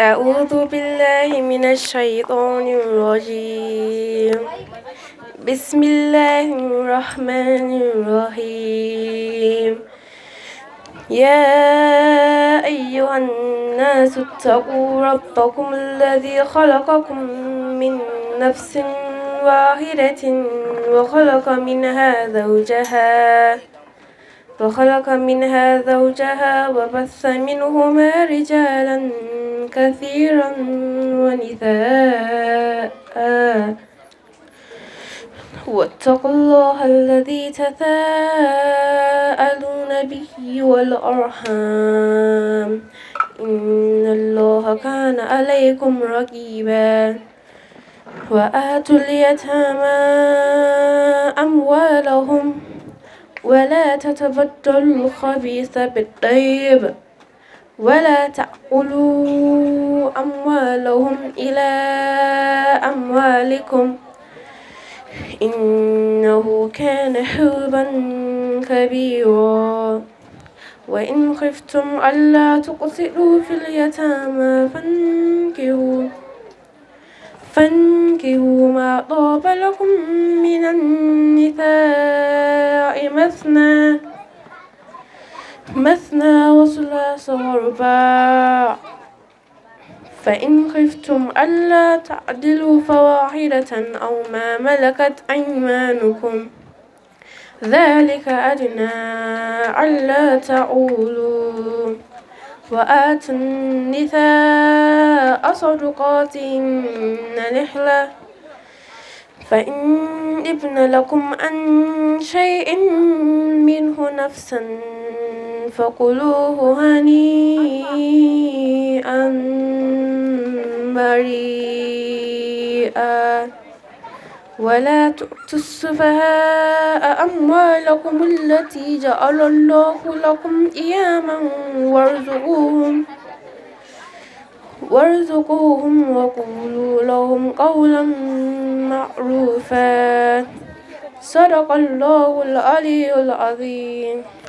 أعوذ بالله من الشيطان الرجيم بسم الله الرحمن الرحيم يا أيها الناس اتقوا ربكم الذي خلقكم من نفس واحدة وخلق منها زوجها وخلق منها زوجها وبث منهما رجالا كثيرا ونساء واتقوا الله الذي تساءلون به والأرحام إن الله كان عليكم رقيبا وآتوا اليتامى أموالهم ولا تتبدلوا الخبيث بالطيب ولا تأكلوا أموالهم إلى أموالكم إنه كان حوبا كبيرا وإن خفتم ألا تقسطوا في اليتامى فانكروا فانكحوا ما طاب لكم من النساء مثنى مثنى وثلاث ورباع فإن خفتم ألا تعدلوا فواحدة أو ما ملكت أيمانكم ذلك أدنى ألا تعولوا وآتوا النساء صدقاتهن نحلة فإن ابن لكم عن شيء منه نفسا فكلوه هنيئا مريئا ولا تؤتوا السفهاء أموالكم التي جعل الله لكم قياما وارزقوهم وارزقوهم وقولوا لهم قولا المعروفات صدق الله العلي العظيم